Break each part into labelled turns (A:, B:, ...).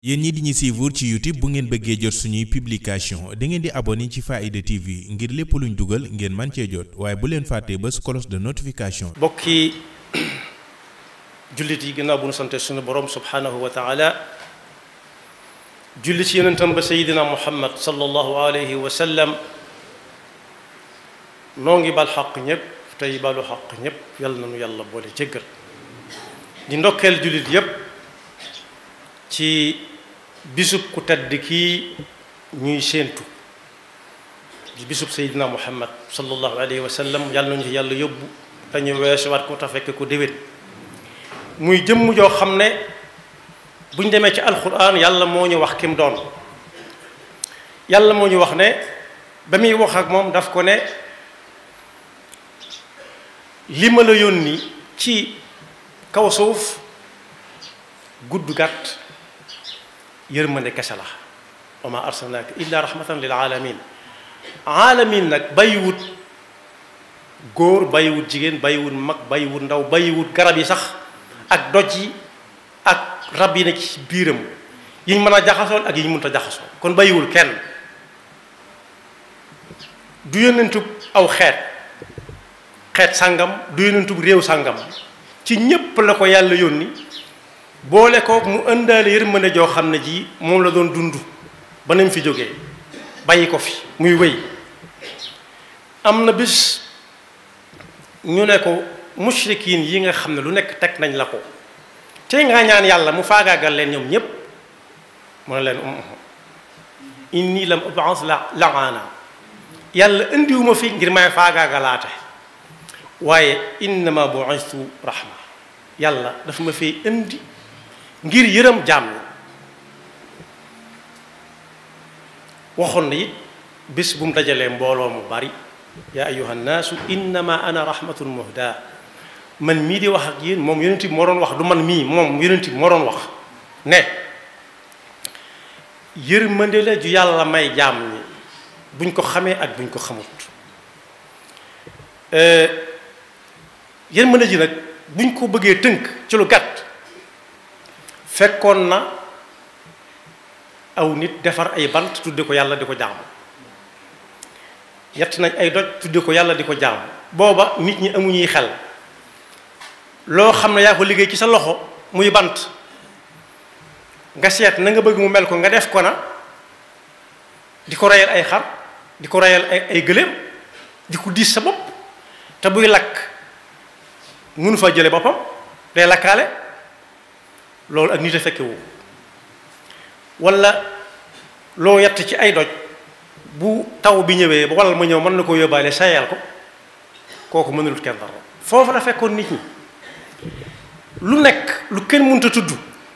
A: yéen ñi di ñu suivre ci youtube bu ngeen bëggee jot suñuy publication da ngeen di abonné ci Faaida TV ngir lépp luñ dugal ngeen man cee jot waaye bu leen fàttee ba cloche de notification. mbokki jullit yi gannaaw bu nu sante suñu borom subhanahu wa taala julli ci yonentam ba sayidina muhammad sallallahu alayhi wa sallam noo ngi bal xaq ñëpp tey balu xaq ñëpp yal na nu yàlla boole jéggal di yëpp bisub ku tedd kii ñuy séentu bisub seydina muhammad sallallahu alayhi wa sallam yàlla nañu yàlla yóbbu te ñu weesuwaat ko te fekk ko déwén muy jëmm joo xam ne bu ñu demee ci alquran yàlla moo ñu wax kim doon yàlla moo ñu wax ne ba muy wax ak moom daf ko ne li ma la yónni ci kaw suuf gudd gàtt yërmande kese la wa ma arsalnaaka illa rahmatan lil alamin alamin nag bàyyiwut góor bàyyiwut jigéen bàyyiwut mag bàyyiwut ndaw bàyyiwut garab yi sax ak doj yi ak rab yi nekk ci biiram yiñ mën a jaxasoon ak yiñ ñu a jaxasoo kon bàyyiwul kenn du yónnentub aw xeet xeet sàngam du yónnentub réew sàngam ci ñépp la ko yàlla yónni boole ko mu ëndaale yërmande joo xam ne ji moom la doon dund ba nañ fi jógee bàyyi ko fi muy wéy am na bis ñu ne ko mushrikiin yi nga xam ne lu nekk teg nañ la ko tey nga yàlla mu faagaagal leen ñoom ñépp mu ne leen inni yàlla indiwuma fii ngir may faagaagalaate waaye innama bu'istu rahma yàlla dafa ma fi indi ngir yërëm jaam ñi waxoon na it bés bu mu dajalee mbooloo mu bari ya ayuha nnaasu innama ana rahmatul muhda man mii di wax ak yéen moom yonent bi moo doon wax du man mii moom yonent bi moo doon wax ne yërmande la ju yàlla may jaam ñi buñ ko xamee ak buñ ko xamut euh, yërmande ji nag buñ ko bëggee tënk ci lu gàtt fekkoon na aw nit defar ay bant tudde ko yàlla di ko jaamu yett nañ ay doj tudde ko yàlla di ko jaamu booba nit ñi amuñuy xel loo xam ne yaa ko liggéey ci sa loxo muy bant nga seet na nga bëgg mu mel ko nga def ko na di ko reyal ay xar di ko reyal ay ay gëléem di ko diis sa bopp te buy lakk munu fa jële boppam day lakkaale loolu ak nit a fekke wu wala loo yatt ci ay doj bu taw bi ñëwee ba walal ma ñëw mën na koo yóbbaale sayal ko kooku mënulut kenn dara foofu la fekkoon nit ñi lu nekk lu kenn mënut tudd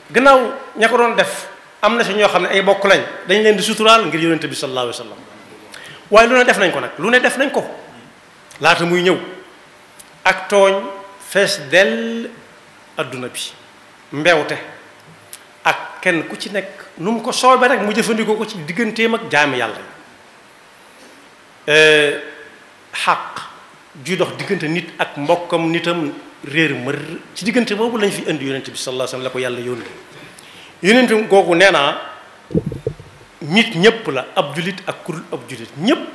A: gannaaw ña ko doon def am na si ñoo xam ne ay bokk lañ dañ leen di suturaal ngir yonente bi sallallahu alayhi wa sallam waaye lu ne def nañ ko nag lu ne def nañ ko laata muy ñëw ak tooñ fees dell adduna bi mbewte ak kenn ku ci nekk nu mu ko soobee rek mu jëfandikoo ko ci digganteem ak jaami yàlla yi euh, xaq juy dox diggante nit ak mbokkam nitam réer mër ci diggante boobu lañ fi indi yonent bi sallallahu alayhi wasallam ko yàlla yónnee yonent googu nee naa nit ñépp la ab julit ak kurul ab julit ñépp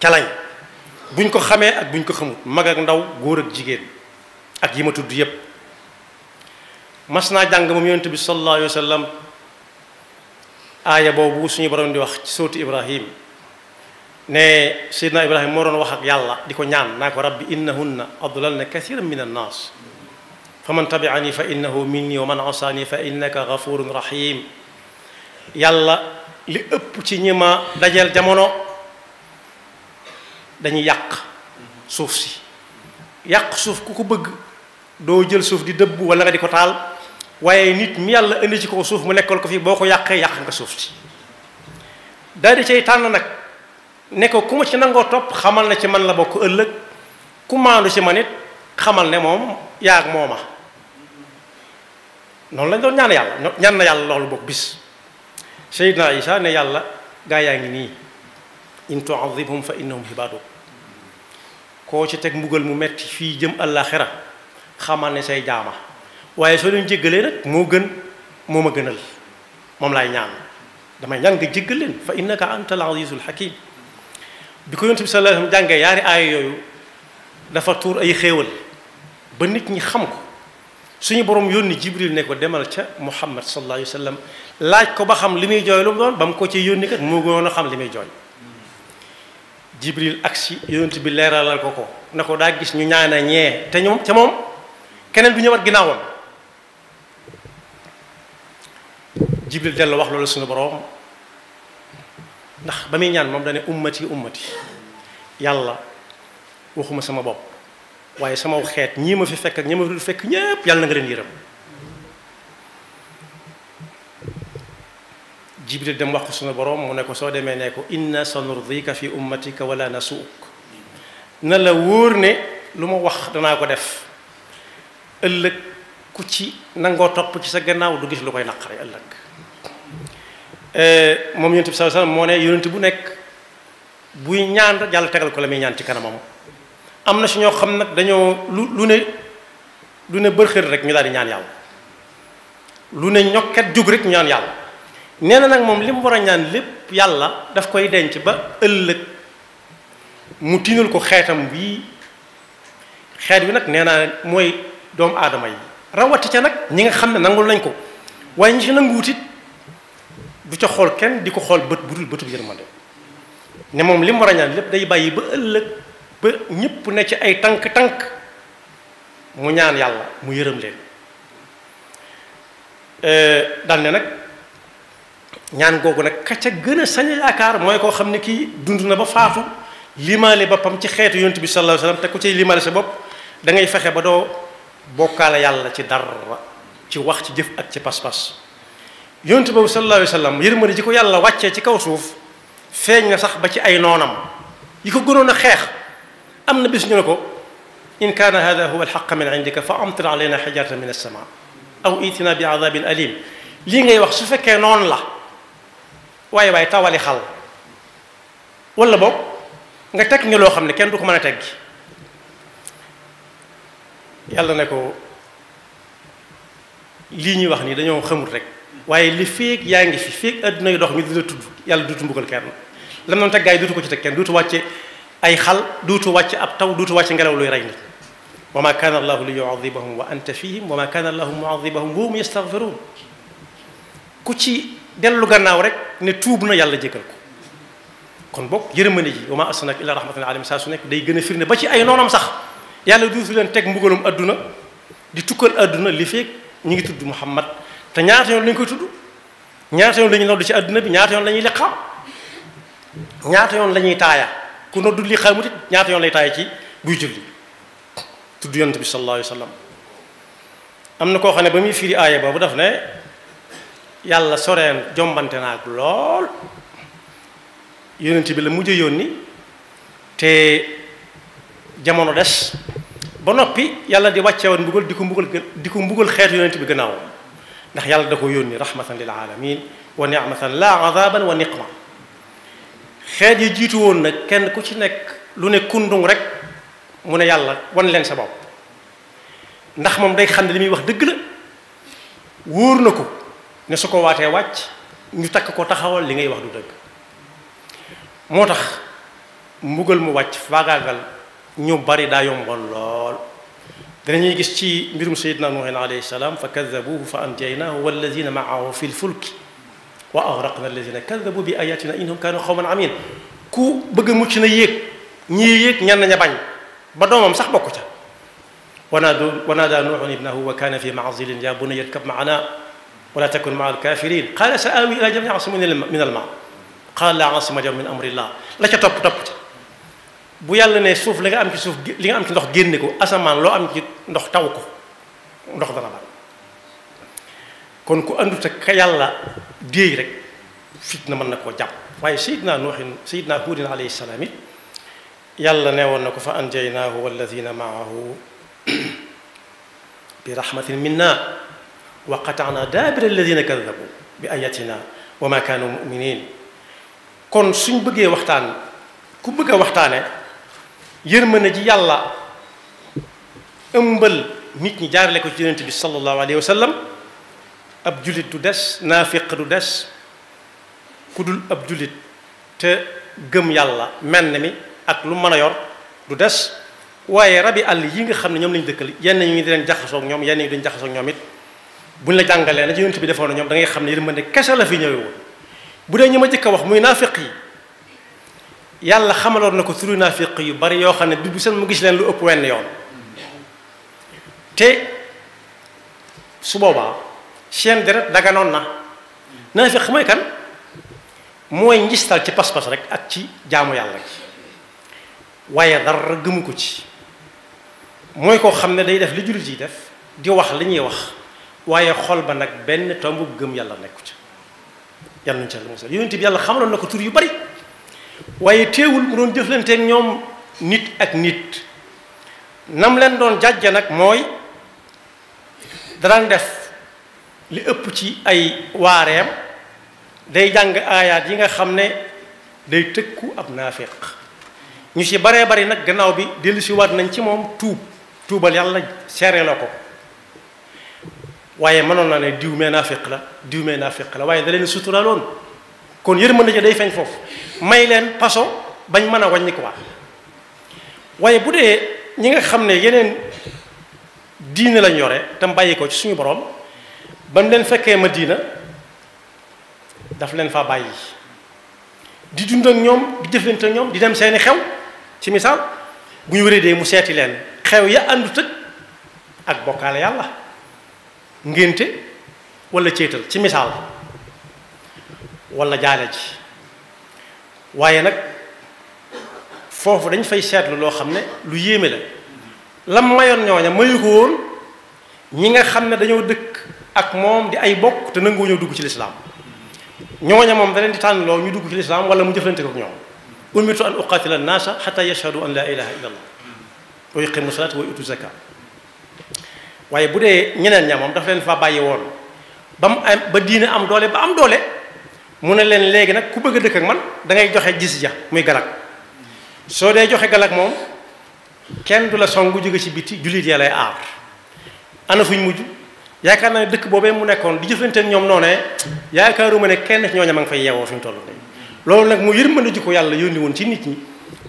A: ca buñ ko xamee ak buñ ko xamut mag ak ndaw góor ak jigéen ak yi ma tudd yépp mas naa jàng moom yonent bi sallallahu alayhi wa sallam aaya boobu suñu borom di wax ci sóoti ibrahim ne seydna ibrahim moo doon wax ak yàlla di ko ñaan naa ko rabbi innahunna a kathiran min annaas fa man fa innahu minni wa man asani fa innaka gafurun rahim yàlla li ëpp ci ñi ma dajeel jamono dañuy yàq suuf si yàq suuf ku ko bëgg doo jël suuf di dëbb wala nga di ko taal waaye nit mi yàlla indi ci ko suuf mu nekkal ko fii boo ko yàqee yàq nga suuf si daal di cay tànn nag ne ko ku ma ci nangoo topp xamal na ci man la bokk ëllëg ku maandu ci man it xamal ne moom yaag mooma noonu lañ doon ñaan yàlla ñaan na yàlla loolu bokk bis Seydina Isa ne yàlla gaa yaa ngi nii in tu'adhibhum fa innahum ibaaduk koo ci teg mbugal mu metti fii jëm àllaaxira xamal ne say jaama waaye soo leen jéggalee moo gën moo ma gënal moom laay ñaan damay ñaan nga jéggal leen fa innaka ko yonent bi sallallahu alayhi jàngee yaari aaya yooyu dafa tuur ay xéewal ba nit ñi xam ko suñu borom yónni jibril ne ko demal ca muhammad sallallahu alayhi wa sallam laaj ko ba xam li muy jooy lu mu doon ba ko ci yónni kat moo gënoon a xam li muy jooy jibril agsi yonent bi leeralal ko ko na ko daa gis ñu ñaana ñee te ñoom ca moom keneen du ñëwaat ginnaawoon jibril dellu wax loolu suñu borom ndax ba muy ñaan moom dane ummati ummati yàlla waxuma sama bopp waaye sama xeet ñii ma fi fekk ak ñi ma fi fekk ñépp yàlla na nga leen yërëm jibril dem wax ko suñu borom mu ne ko soo demee ne ko inna sanurdika fi ummatika wala nasuuk na la wóor ne lu ma wax danaa ko def ëllëg ku ci nangoo topp ci sa gannaaw du gis lu koy naqare ëllëg Eh, moom yonent bi sallallahu alayhi wasallam moo ne yonent bu nekk buy ñaan rek yàlla tegal ko la muy ñaan ci kanamam am na si ñoo xam nag dañoo lu lu ne lu ne bërxër rek ñu daal di ñaan yàlla lu ne ñokket jóg rek ñu ñaan yàlla nee na nag moom li mu war a ñaan lépp yàlla daf koy denc ba ëllëg mu tiinal ko xeetam bii xeet bi nag nee naa mooy doomu aadama yi rawati ca nag ñi nga xam ne nangul nañ ko waaye ñi si nanguwutit du ca xool kenn di ko xool bët bu dul bëtub yërmande ne moom li war a ñaan lépp day bàyyi ba ëllëg ba ñëpp ne ci ay tànk-tànk mu ñaan yàlla mu yërëm leen euh, dal ne nag ñaan googu nag ka ca gën a sañ yaakaar mooy koo xam ne kii dund na ba faafu limaale boppam ci xeetu yonent bi sallallahu alayhi te ku cay limaale sa bopp dangay fexe ba doo bokkaale yàlla ci dara ci wax ci jëf ak ci pas-pas yoon yonent boobu sallallahu alayhi wa sallam yërmande ji ko yàlla wàccee ci kaw suuf feeñ na sax ba ci ay noonam yi ko gënoon a xeex am na bis ñu ne ko in kaana hada huwa alxaq min indika fa amtir alayna xijaratan min alsama bi adabin lii ngay wax su fekkee noonu la waaye waaye tawali xal wala boog nga teg ñu loo xam ne kenn du ko mën a teggi yàlla ne ko lii ñuy wax nii dañoo xamul rek waaye li feeg yaa ngi fi feeg adduna yu dox ñu dina tudd yàlla duutu mbugal kenn lam noonu teg gaa yi duutu ko ci teg kenn duutu wàcce ay xal duutu wàcce ab taw duutu wàcce ngelaw luy rey nit wa ma kaana allahu li yuadibahum wa anta fihim wa ma kaana allahu muadibahum wa hum yastaghfiruun ku ci dellu gannaaw rek ne tuub na yàlla jégal ko kon bokk yërmande ji wa ma arsalnaaka illa rahmatan lil aalamiin saa su nekk day gën a firnde ba ci ay noonam sax yàlla duutu leen teg mbugalum adduna di tukkal adduna li feeg ñu ngi tudd muhammad te ñaata yoon lañ koy tudd ñaata yoon la ñuy ci àdduna bi ñaata yoon la ñuy liqaam ñaata yoon la ñuy taaya ku noddu liqaamut it ñaata yoon lay taaya ci buy julli tudd yonent bi sallallahu alayhi am na koo xam ne ba muy firi aaya boobu daf ne yàlla soreen jombante naa ak lool yonent bi la mujj a yónni te jamono des ba noppi yàlla di wàcce woon mbugal di ku mbugal di ko mbugal xeetu yonent bi gannaaw ndax yàlla da ko yónni rahmatan lil alamin wa nicmatan laa azaban wa niqma xeet yi jiitu woon nag kenn ku ci nekk lu ne kundung rek mu ne yàlla wan leen sa bopp ndax moom day xam ne li muy wax dëgg la wóor na ko ne su ko waatee wàcc ñu takk ko taxawal li ngay wax du dëgg moo tax mbugal mu wàcc faagaagal ñu bari daa yomboon lool danañuy gis ci mbirum sayidna nuuhin alayhi salaam fa kadabuhu fa anjaynaahu walladina maahu fi lfulki wa agraqna alladina kadabu bi ayatina innahum kaanu xawman amin ku bëgg a mucc na yéeg ñii yéeg ñan naña bañ ba doomam sax bokk ca wanaado wanaadaa nuuhun ibnahu wa kaana fi maazilin ya bunayya irkab maana wala takun maa alkafirin qaala sa aawi ila jabalin yasimunii min alma qaala laa asima al yawma min amrillah la ca topp topp ca bu yàlla ne suuf li nga am ci suuf li nga am ci ndox génne ko asamaan loo am ci ndox taw ko ndox dana kon ku andut ak ka yàlla déey rek fitna mën na koo jàpp waaye sayidna nuuhin sayidna huudin alayhi salaam it yàlla ne woon na ko fa anjaynaahu walladina maahu bi minna wa qataana daabira ma kaanu muminin kon suñ bëggee waxtaan ku bëgg a waxtaane yërmande ji yàlla ëmbal nit ñi jaarale ko ci yonent bi sallallahu alayhi wa sallam ab jullit du des naafiq du des ku dul ab jullit te gëm yàlla menn mi ak lu mën a yor du des waaye rabi àll yi nga xam ne ñoom lañu dëkkal yenn ñu ngi di leen jaxasoo ñoom yenn ñu duñ jaxasoo ak ñoom it buñ la jàngalee na ci bi defoon ñoom dangay xam ne yërmande kese la fi ñëwee woon bu dee ñu ma jëkk a wax muy naafiq yi yàlla xamaloon na ko turu naafiq yu bari yoo xam ne du bu seen mu gis leen lu ëpp wenn yoon te su boobaa seen deret daganoon na naafiq mooy kan mooy njistal ci pas-pas rek ak ci jaamu yàlla gi waaye dara gëmu ko ci mooy koo xam ne day def li jullit yi def di wax li ñuy wax waaye xol ba nag benn tomb gëm yàlla nekku ca yàlla nañu ca musal yonent bi yàlla xamaloon na ko tur yu bari waaye teewul mu doon jëflanteek ñoom nit ak nit nam leen doon jàjja nag mooy daraan def li ëpp ci ay waareem day jàng aayaat yi nga xam ne day tëkku ab naafiq ñu ci baree bari nag gannaaw bi dellusiwaat nañ ci moom tuub tuubal yàlla seere la ko waaye mënoon naa ne diw mee naafiq la diw mee naafiq la waaye da leen kon yërmande ji day feeñ foofu may leen paso bañ mën a ko quoi waaye bu dee ñi nga xam ne yeneen diina lañ yore te bàyyi ko ci suñu borom ba mu leen fekkee ma diina daf leen fa bàyyi di dund ak ñoom di ñoom di dem seeni xew ci misaal buy ñu wéree mu seeti leen xew ya àndu tëj ak bokkaale yàlla ngénte walla céetal ci misaal wala jaale ji waaye nag foofu dañ fay seetlu loo xam ne lu yéeme la la mayoon ñooña mayu ñi nga xam ne dañoo dëkk ak moom di ay bokk te nangoo ñoo dugg ci lislaam ñooña moom da di tànn loo ñu dugg ci lislaam wala mu jëflante ko ñoom umirtu an uqatila annaasa xata yashhadu an laa ilaha illa allah wa yuqimu salaat wa yutu zaka waaye bu dee ñeneen ña moom dafa leen fa bàyyi woon ba am ba diina am doole ba am doole mu ne leen léegi nag ku bëgg a dëkk ak man dangay joxe gis ja muy galak soo dee joxe galak moom kenn du la songu jóge ci biti jullit ya lay aar ana fuñ mujj yaakaar naa ne dëkk boobee mu nekkoon di jëflante ñoom noonee yaakaaruma ne kenn ci ne ma nga fay yeewoo fi mu toll nii loolu nag mu yërmande ji ko yàlla yónni woon ci nit ñi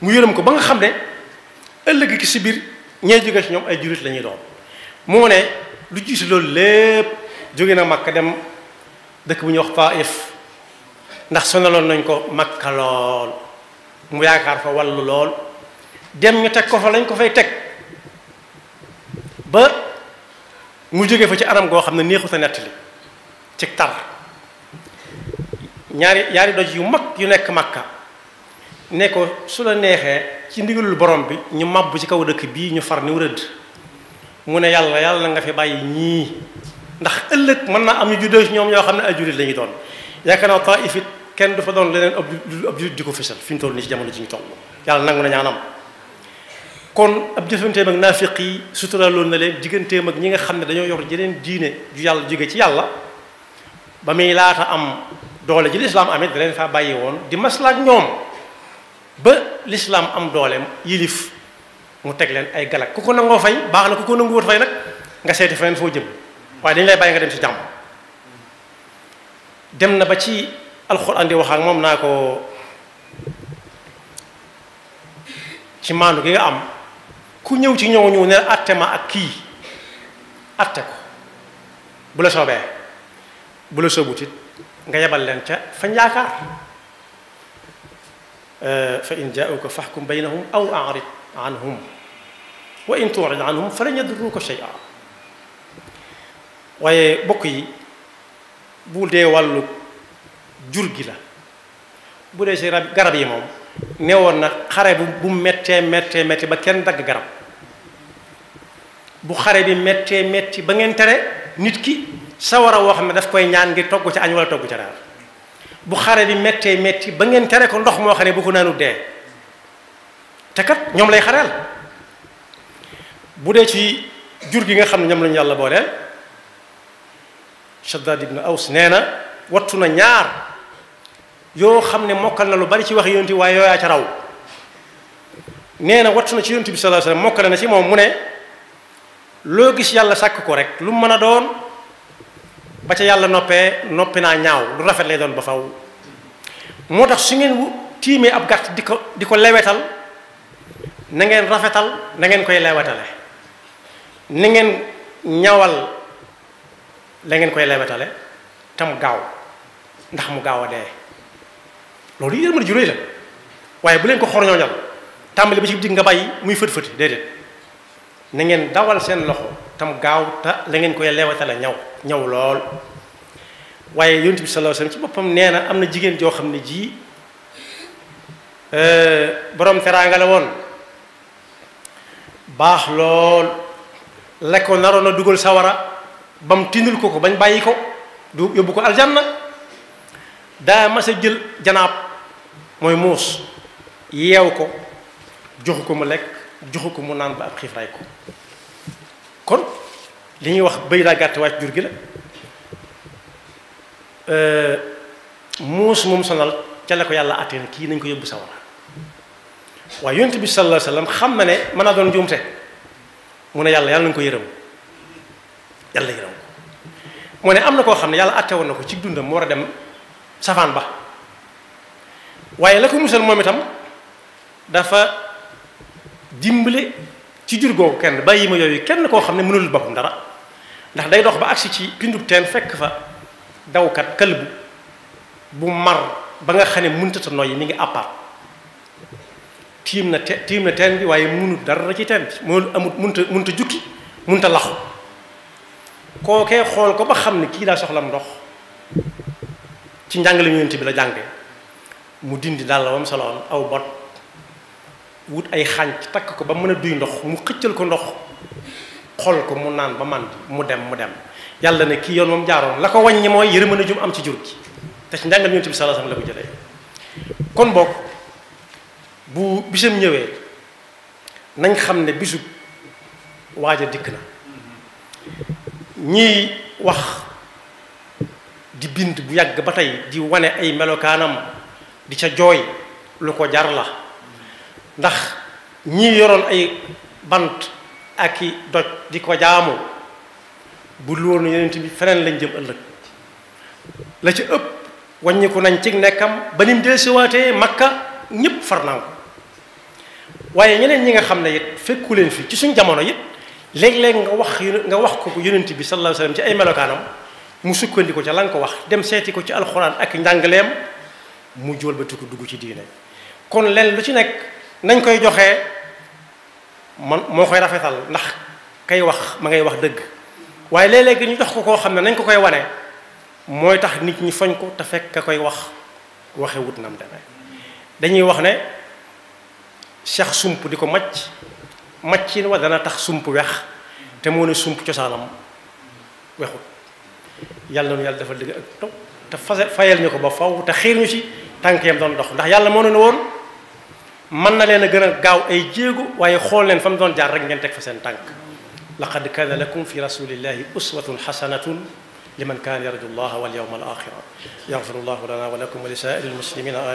A: mu yërëm ko ba xam ne ëllëg si biir ñee jóge ci ñoom ay jullit la ñuy moo ne lu jiitu loolu lépp jóge na makk dem dëkk bu ñuy wax Taif ndax sonaloon nañ ko makka lool mu yaakaar fa wallu lool dem ñu teg ko fa lañ ko fay teg ba mu jóge fa ci anam goo xam ne neexu sa nettali ci tar ñaari ñaari doj yu mag yu nekk makka ne ko su la neexee ci ndigalul borom bi ñu màbb ci kaw dëkk bii ñu far niw rëdd mu ne yàlla yàlla nga fi bàyyi ñii ndax ëllëg mën naa am ñu juddoo ci ñoom ñoo xam ne ay jullit la ñu doon yaakaar naa taifit kenn du fa doon leneen ab di ko fësal fi ñu toll nii ci jamono ji ñu toll yàlla nangu na ñaanam kon ab jëfanteem ak naafiq yi suturaaloon na leen digganteem ak ñi nga xam ne dañoo yor jeneen diine ju yàlla jóge ci yàlla ba muy laata am doole ji lislaam amit da leen faa bàyyi woon di maslaak ñoom ba lislaam am doole yilif mu teg leen ay galak ku ko nangoo fay baax na ku ko nanguwut fay nag nga seeti feneen foo jëm waaye dañu lay bàyyi nga dem si jàmm alxuraan di wax ak moom naa ko ci maandu gi nga am ku ñëw ci ñëw ñëw ne atte ma ak kii ate ko bu la soobee bu la soobutit nga yebal leen ca fañ yaakaar fa in jaauka faxkum baynahum aw arid anhum wa in turid anhum fa lan yadurruka shay'a waaye bokk yi bu dee wàllu jur gi la bu dee si garab yi moom ne woon na xare bu bu méttee méttee métti ba kenn dagg garab bu xare bi méttee metti ba ngeen tere nit ki sawara woo xam ne daf koy ñaan ngir togg ci añ wala bu xare bi méttee métti ba ngeen tere ko ndox moo xam ne bu ko naanu dee te kat ñoom lay xareel bu dee ci jur gi nga xam ne ñoom lañu yàlla booleel Shaddad ibn Aws nee na wattu na ñaar yoo xam ne mokkal na lu bari ci wax yonent bi waaye yooyaa ca raw nee na wattu na ci yonent bi sallallahu alayhi wasallam mokkale na ci moom mu ne loo gis yàlla sàkk ko rek lu mu mën a doon ba ca yàlla noppee noppi naa ñaaw lu rafet lay doon ba faw moo tax su ngeen tiimee ab gàtt di ko di ko lewetal na ngeen rafetal nangeen koy lewetale ni ñawal la ngeen koy lewetale tam gaaw ndax mu gaaw a dee loolu yéen a mën a juróoy la waaye bu leen ko xor ñooñal tàmbali ba ci digg nga bàyyi muy fët-fëti déedéet na ngeen dawal seen loxo tam gaaw ta la ngeen koy leewatale ñaw ñaw lool waaye yonent bi sallallahu alayhi wasallam ci boppam nee na am na jigéen joo xam ne ji euh, borom teraanga la woon baax lool la ko naroon a dugal sawara ba mu tindul ko ko bañ bàyyi ko du yóbbu ko aljanna daa mas a jël janaab mooy muus yeew ko joxu ko mu lekk joxu ko mu naan ba ab xiif ray ko kon li ñuy wax bëy daa gàtt wàcc jur gi la euh, muus moom sonal ca la ko yàlla àtteen kii nañ ko yóbbu sawara waaye yonent bi sallallahu alayhi xam na ne mën naa doon njuumte mu ne yàlla yàlla nañu ko yërëm yàlla yërëm ko ne am na koo xam ne yàlla àtte woon na ko ci dundam mu war a dem safaan ba waaye la ko musal moom itam dafa dimbale ci jur googu kenn bàyyi ma yooyu kenn koo xam ne mënul boppam dara ndax day dox ba agsi ci pindub teen fekk fa dawkat kalbu bu mar ba nga xam ne mëntata noyyi mi ngi àppar tiim na te tiim na teen bi waaye mënul dara ci teen bi mënul amut mënta jukki munta laxu kookee xool ko ba xam ne kii daa soxlam ndox ci njàngale yonent bi la jànge mu dindi dàll wam soloon aw bot wut ay xànc takk ko ba mën a duy ndox mu xëccal ko ndox xol ko mu naan ba man mu dem mu dem yàlla ne kii yoon moom jaaroon la ko wàññi mooy yërmande ju mu am ci jur gi te ci njàngal Yonent bi sallallahu alayhi la ko jëlee kon boog bu bisam ñëwee nañ xam ne bisub waaja dikk na ñiy wax di bind bu yàgg ba tey di wane ay melokaanam di ca jooy lu ko jar la ndax ñi yoroon ay bant ak i doj di ko jaamu bu lu woon yeneen bi feneen lañ jëm ëllëg la ca ëpp wàññiku nañ ci nekkam ba nim dellusiwaatee makka ñépp far naa waaye ñeneen ñi nga xam ne it fekku leen fi ci suñ jamono it léeg-léeg nga wax nga wax ko ko yonent bi sallallahu alayhi wasallam ci ay melokaanam mu sukkandiku ca la ko wax dem seeti ko ci alxuraan ak njàngleem mu jóol ba tukki dugg ci diine kon leen lu ci nekk nañ koy joxe man moo koy rafetal ndax kay wax ma ngay wax dëgg waaye léeg-léeg ñu jox ko koo xam ne nañ ko koy wane mooy tax nit ñi foñ ko te fekk ka koy wax waxe wut nam demee dañuy wax ne cheikh sump di ko macc maccin wa dana tax sump wex te moo ne sump cosaanam wexut yàlla na yàlla dafa dëgg ak te fase fayal ko ba faw te xiir ñu ci tànk yam doon dox ndax yàlla moo ne woon mën na leen a gën a gaaw ay jéegu waaye xool leen fa doon jaar rek ngeen teg fa seen tànk laqad kaana lakum fi rasulillahi uswatun xasanatun liman kaana yarju llaha walyawma alaxira yaxfiru llahu lana wa lakum wa lisaa'iri almuslimina amin